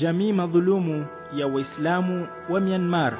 jamii madhulumu ya Waislamu wa Myanmar.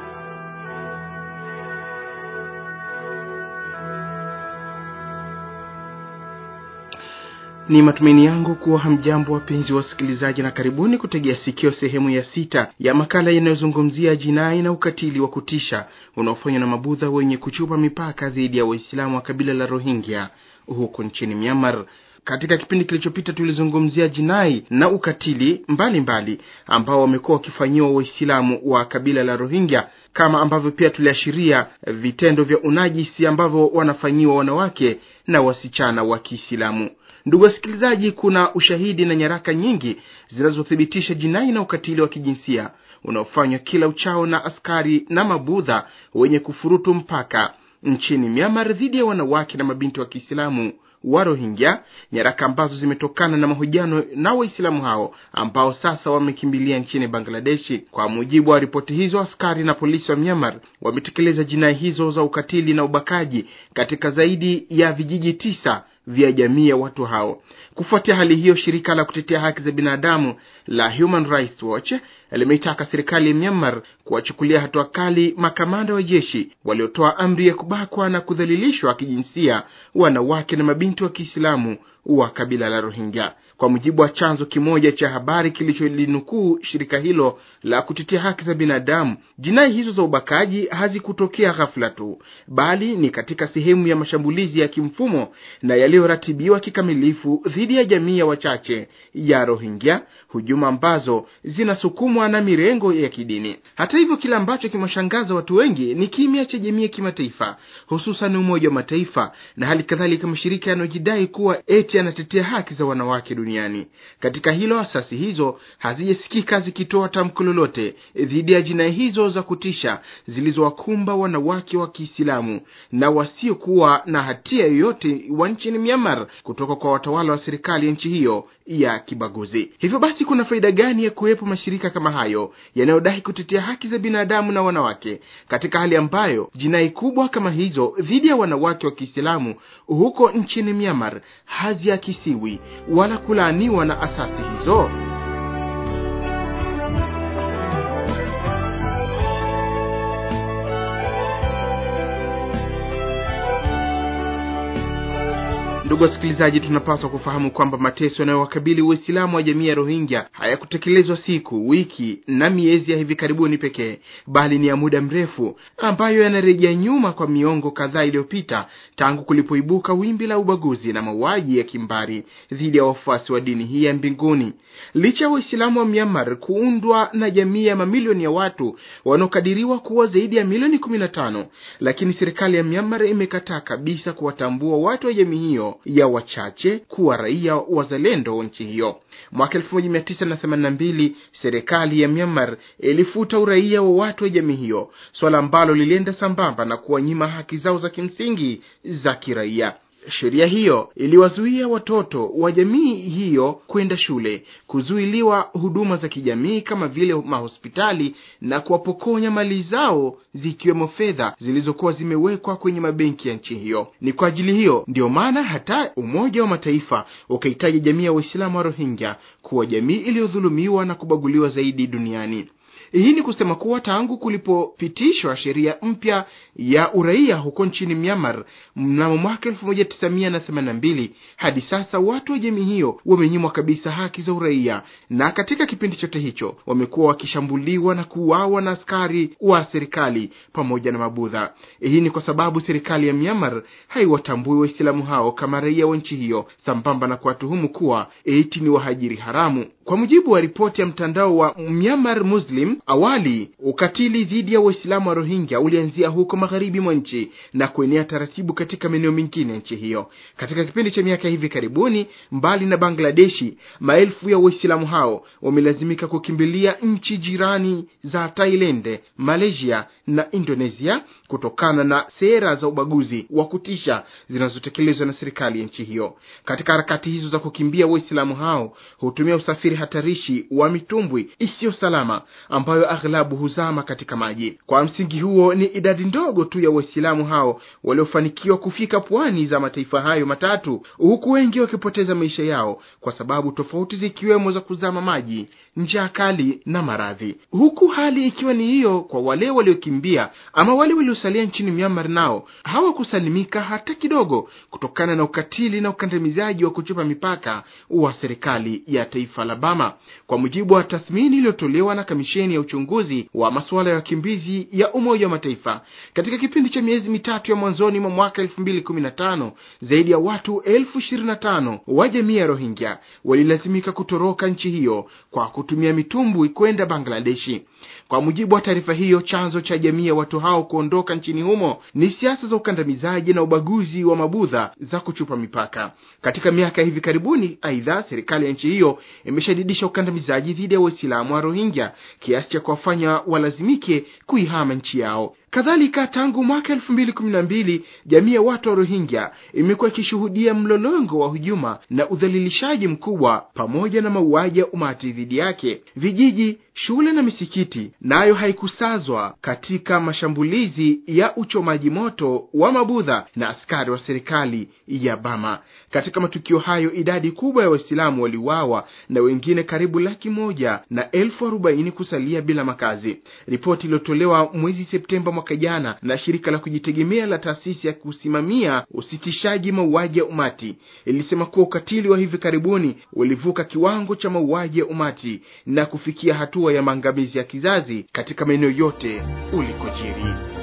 Ni matumaini yangu kuwa hamjambo wapenzi wasikilizaji, na karibuni kutegea sikio sehemu ya sita ya makala inayozungumzia jinai na ukatili wa kutisha unaofanywa na mabudha wenye kuchupa mipaka dhidi ya Waislamu wa kabila la Rohingya huko nchini Myanmar. Katika kipindi kilichopita tulizungumzia jinai na ukatili mbalimbali mbali, ambao wamekuwa wakifanyiwa Waislamu wa kabila la Rohingya, kama ambavyo pia tuliashiria vitendo vya unajisi ambavyo wanafanyiwa wanawake na wasichana wa Kiislamu. Ndugu wasikilizaji, kuna ushahidi na nyaraka nyingi zinazothibitisha jinai na ukatili wa kijinsia unaofanywa kila uchao na askari na mabudha wenye kufurutu mpaka nchini Myanmar dhidi ya wanawake na mabinti wa Kiislamu wa Rohingya, nyaraka ambazo zimetokana na mahojiano na Waislamu hao ambao sasa wamekimbilia nchini Bangladeshi. Kwa mujibu wa ripoti hizo, askari na polisi wa Myanmar wametekeleza jinai hizo za ukatili na ubakaji katika zaidi ya vijiji tisa vya jamii ya watu hao. Kufuatia hali hiyo, shirika la kutetea haki za binadamu la Human Rights Watch limeitaka serikali ya Myanmar kuwachukulia hatua kali makamanda wa jeshi waliotoa amri ya kubakwa na kudhalilishwa kijinsia wanawake na mabinti wa Kiislamu wa kabila la Rohingya. Kwa mujibu wa chanzo kimoja cha habari kilicholinukuu shirika hilo la kutetea haki za binadamu, jinai hizo za ubakaji hazikutokea ghafla tu, bali ni katika sehemu ya mashambulizi ya kimfumo na yaliyoratibiwa kikamilifu dhidi ya jamii ya wachache ya Rohingya, hujuma ambazo zinasukuma kusukumwa na mirengo ya kidini. Hata hivyo, kile ambacho kimewashangaza watu wengi ni kimya cha jamii ya kimataifa, hususan Umoja wa Mataifa na hali kadhalika mashirika yanayojidai kuwa eti yanatetea haki za wanawake duniani. Katika hilo, asasi hizo hazijasikika zikitoa tamko lolote dhidi ya jinai hizo za kutisha zilizowakumba wanawake wa Kiislamu na wasiokuwa na hatia yoyote wa nchini Myanmar kutoka kwa watawala wa serikali ya nchi hiyo ya kibaguzi. Hivyo basi, kuna faida gani ya kuwepo mashirika kama hayo yanayodai kutetea haki za binadamu na wanawake katika hali ambayo jinai kubwa kama hizo dhidi ya wanawake wa Kiislamu huko nchini Myanmar haziakisiwi wala kulaaniwa na asasi hizo? Ndugu wasikilizaji, tunapaswa kufahamu kwamba mateso yanayowakabili Waislamu wa jamii ya Rohingya hayakutekelezwa siku, wiki na miezi ya hivi karibuni pekee, bali ni ya muda mrefu ambayo yanarejea nyuma kwa miongo kadhaa iliyopita tangu kulipoibuka wimbi la ubaguzi na mauaji ya kimbari dhidi ya wafuasi wa dini hii ya mbinguni. Licha ya Waislamu wa Myanmar kuundwa na jamii ya mamilioni ya watu wanaokadiriwa kuwa zaidi ya milioni tano lakini serikali ya Myanmar imekataa kabisa kuwatambua watu wa jamii hiyo ya wachache kuwa raia wazalendo nchi hiyo. Mwaka 1982 serikali ya Myanmar ilifuta uraia wa watu wa jamii hiyo, swala ambalo lilienda sambamba na kuwanyima haki zao za kimsingi za kiraia. Sheria hiyo iliwazuia watoto wa jamii hiyo kwenda shule, kuzuiliwa huduma za kijamii kama vile mahospitali na kuwapokonya mali zao zikiwemo fedha zilizokuwa zimewekwa kwenye mabenki ya nchi hiyo. Ni kwa ajili hiyo ndiyo maana hata Umoja wa Mataifa ukahitaji jamii ya Waislamu wa Rohingya kuwa jamii iliyodhulumiwa na kubaguliwa zaidi duniani. Hii ni kusema kuwa tangu kulipopitishwa sheria mpya ya uraia huko nchini Myanmar mnamo mwaka mbili hadi sasa watu wa jamii hiyo wamenyimwa kabisa haki za uraia, na katika kipindi chote hicho wamekuwa wakishambuliwa na kuuawa na askari wa serikali pamoja na Mabudha. Hii ni kwa sababu serikali ya Myanmar haiwatambui Waislamu hao kama raia wa nchi hiyo, sambamba na kuwatuhumu kuwa eti ni wahajiri haramu. Kwa mujibu wa ripoti ya mtandao wa Myanmar Muslim Awali ukatili dhidi ya Waislamu wa Rohingya ulianzia huko magharibi mwa nchi na kuenea taratibu katika maeneo mengine ya nchi hiyo. Katika kipindi cha miaka hivi karibuni, mbali na Bangladeshi, maelfu ya Waislamu hao wamelazimika kukimbilia nchi jirani za Thailand, Malaysia na Indonesia kutokana na sera za ubaguzi wa kutisha zinazotekelezwa na serikali ya nchi hiyo. Katika harakati hizo za kukimbia, Waislamu hao hutumia usafiri hatarishi wa mitumbwi isiyo salama ambayo aghlabu huzama katika maji. Kwa msingi huo, ni idadi ndogo tu ya Waislamu hao waliofanikiwa kufika pwani za mataifa hayo matatu, huku wengi wakipoteza maisha yao kwa sababu tofauti zikiwemo za kuzama maji, njaa kali na maradhi, huku hali ikiwa ni hiyo kwa wale waliokimbia ama wale waliosalia nchini Myanmar, nao hawakusalimika hata kidogo kutokana na ukatili na ukandamizaji wa kuchupa mipaka wa serikali ya taifa la Bama, kwa mujibu wa tathmini iliyotolewa na kamisheni ya uchunguzi wa masuala ya wakimbizi ya Umoja wa Mataifa. Katika kipindi cha miezi mitatu ya mwanzoni mwa mwaka 2015 zaidi ya watu elfu wa jamii ya Rohingya walilazimika kutoroka nchi hiyo kwa kutumia mitumbwi kwenda Bangladeshi. Kwa mujibu wa taarifa hiyo, chanzo cha jamii ya watu hao kuondoka nchini humo ni siasa za ukandamizaji na ubaguzi wa mabudha za kuchupa mipaka katika miaka hivi karibuni. Aidha, serikali ya nchi hiyo imeshadidisha ukandamizaji dhidi ya Waislamu wa Rohingya kiasi cha kuwafanya walazimike kuihama nchi yao. Kadhalika, tangu mwaka mbili jamii ya watu wa Rohingya imekuwa ikishuhudia mlolongo wa hujuma na udhalilishaji mkubwa pamoja na mauaji ya umati dhidi yake. Vijiji, shule na misikiti nayo na haikusazwa katika mashambulizi ya uchomaji moto wa mabudha na askari wa serikali ya Bama. Katika matukio hayo, idadi kubwa ya Waislamu waliuawa na wengine karibu laki moja na elfu arobaini kusalia bila makazi. Ripoti iliyotolewa mwezi Septemba mwaka jana na shirika la kujitegemea la taasisi ya kusimamia usitishaji mauaji ya umati ilisema kuwa ukatili wa hivi karibuni ulivuka kiwango cha mauaji ya umati na kufikia hatua ya maangamizi ya kizazi katika maeneo yote ulikojiri.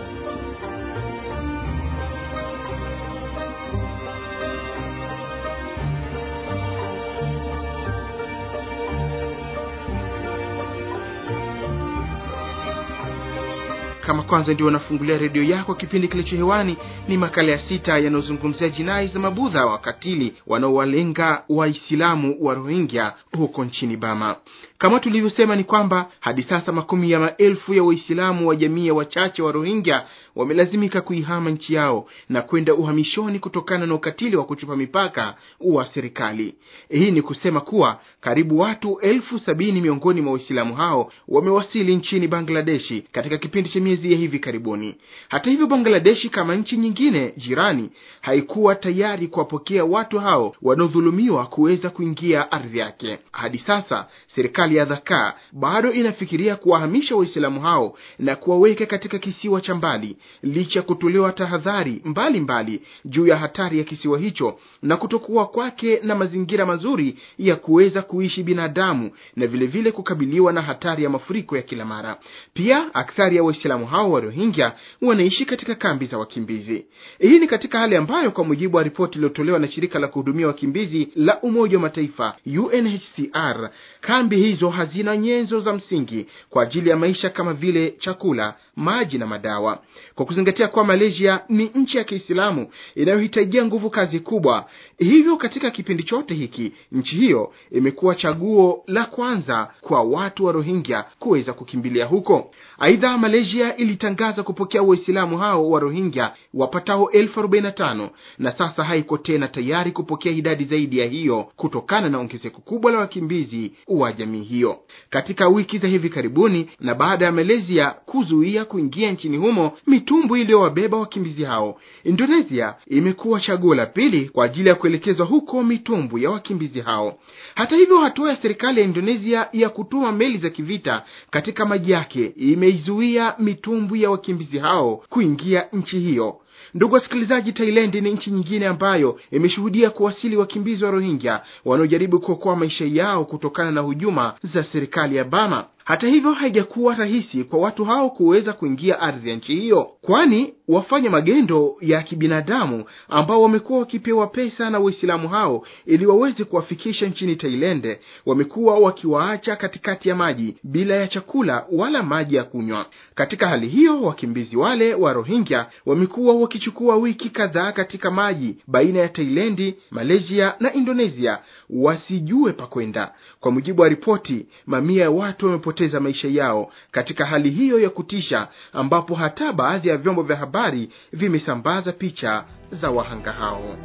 Kama kwanza ndio wanafungulia redio yako, kipindi kilicho hewani ni makala ya sita yanayozungumzia jinai za mabudha wakatili wanaowalenga Waislamu wa Rohingya huko nchini Bama. Kama tulivyosema, ni kwamba hadi sasa makumi ya maelfu ya Waislamu wa jamii ya wachache wa Rohingya wamelazimika kuihama nchi yao na kwenda uhamishoni kutokana na ukatili wa kuchupa mipaka wa serikali. Hii ni kusema kuwa karibu watu elfu sabini miongoni mwa Waislamu hao wamewasili nchini Bangladeshi katika kipindi cha miezi ya hivi karibuni. Hata hivyo, Bangladeshi kama nchi nyingine jirani haikuwa tayari kuwapokea watu hao wanaodhulumiwa kuweza kuingia ardhi yake. Hadi sasa serikali ya Dhaka bado inafikiria kuwahamisha Waislamu hao na kuwaweka katika kisiwa cha mbali licha ya kutolewa tahadhari mbalimbali juu ya hatari ya kisiwa hicho na kutokuwa kwake na mazingira mazuri ya kuweza kuishi binadamu na vilevile vile kukabiliwa na hatari ya mafuriko ya kila mara. Pia akthari ya Waislamu hao wa Rohingya wanaishi katika kambi za wakimbizi. Hii ni katika hali ambayo, kwa mujibu wa ripoti iliyotolewa na shirika la kuhudumia wakimbizi la Umoja wa Mataifa UNHCR, kambi hizo hazina nyenzo za msingi kwa ajili ya maisha kama vile chakula, maji na madawa kwa kuzingatia kuwa Malaysia ni nchi ya Kiislamu inayohitajia nguvu kazi kubwa. Hivyo katika kipindi chote hiki nchi hiyo imekuwa chaguo la kwanza kwa watu wa Rohingya kuweza kukimbilia huko. Aidha, Malaysia ilitangaza kupokea Waislamu hao wa Rohingya wapatao 45 na na sasa haiko tena tayari kupokea idadi zaidi ya hiyo kutokana na ongezeko kubwa la wakimbizi wa jamii hiyo katika wiki za hivi karibuni, na baada ya Malaysia kuzuia kuingia nchini humo mitumbu iliyowabeba wakimbizi hao. Indonesia imekuwa chaguo la pili kwa ajili ya kuelekezwa huko mitumbwi ya wakimbizi hao. Hata hivyo, hatua ya serikali ya Indonesia ya kutuma meli za kivita katika maji yake imeizuia mitumbwi ya wakimbizi hao kuingia nchi hiyo. Ndugu wasikilizaji, tailand ni nchi nyingine ambayo imeshuhudia kuwasili wakimbizi wa Rohingya wanaojaribu kuokoa maisha yao kutokana na hujuma za serikali ya Bama. Hata hivyo, haijakuwa rahisi kwa watu hao kuweza kuingia ardhi ya nchi hiyo, kwani wafanya magendo ya kibinadamu ambao wamekuwa wakipewa pesa na Waislamu hao ili waweze kuwafikisha nchini Thailand wamekuwa wakiwaacha katikati ya maji bila ya chakula wala maji ya kunywa. Katika hali hiyo, wakimbizi wale wa Rohingya wamekuwa wakichukua wiki kadhaa katika maji baina ya Thailand, Malaysia na Indonesia wasijue pakwenda. Kwa mujibu wa ripoti, mamia ya watu kupoteza maisha yao katika hali hiyo ya kutisha, ambapo hata baadhi ya vyombo vya habari vimesambaza picha za wahanga hao.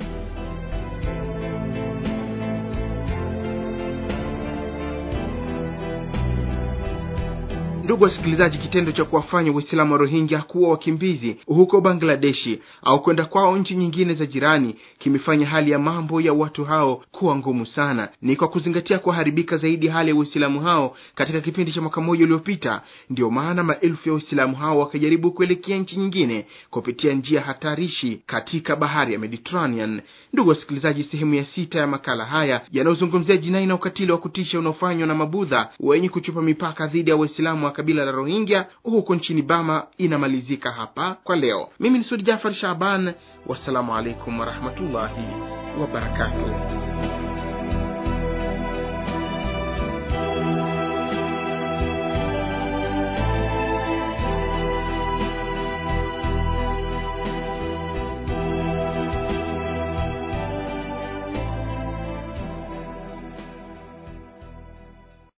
Ndugu wasikilizaji, kitendo cha kuwafanya Waislamu wa Rohingya kuwa wakimbizi huko Bangladeshi au kwenda kwao nchi nyingine za jirani kimefanya hali ya mambo ya watu hao kuwa ngumu sana. Ni kwa kuzingatia kuharibika zaidi hali ya Waislamu hao katika kipindi cha mwaka mmoja uliopita, ndiyo maana maelfu ya Waislamu hao wakajaribu kuelekea nchi nyingine kupitia njia hatarishi katika bahari ya Mediterranean. Ndugu wasikilizaji, sehemu ya sita ya makala haya yanayozungumzia jinai na ukatili wa kutisha unaofanywa na mabudha wenye kuchupa mipaka dhidi ya Waislamu kabila la Rohingya huko nchini bama inamalizika hapa kwa leo. Mimi ni Sudi Jafar Shaban, wassalamu alaikum warahmatullahi wabarakatuh.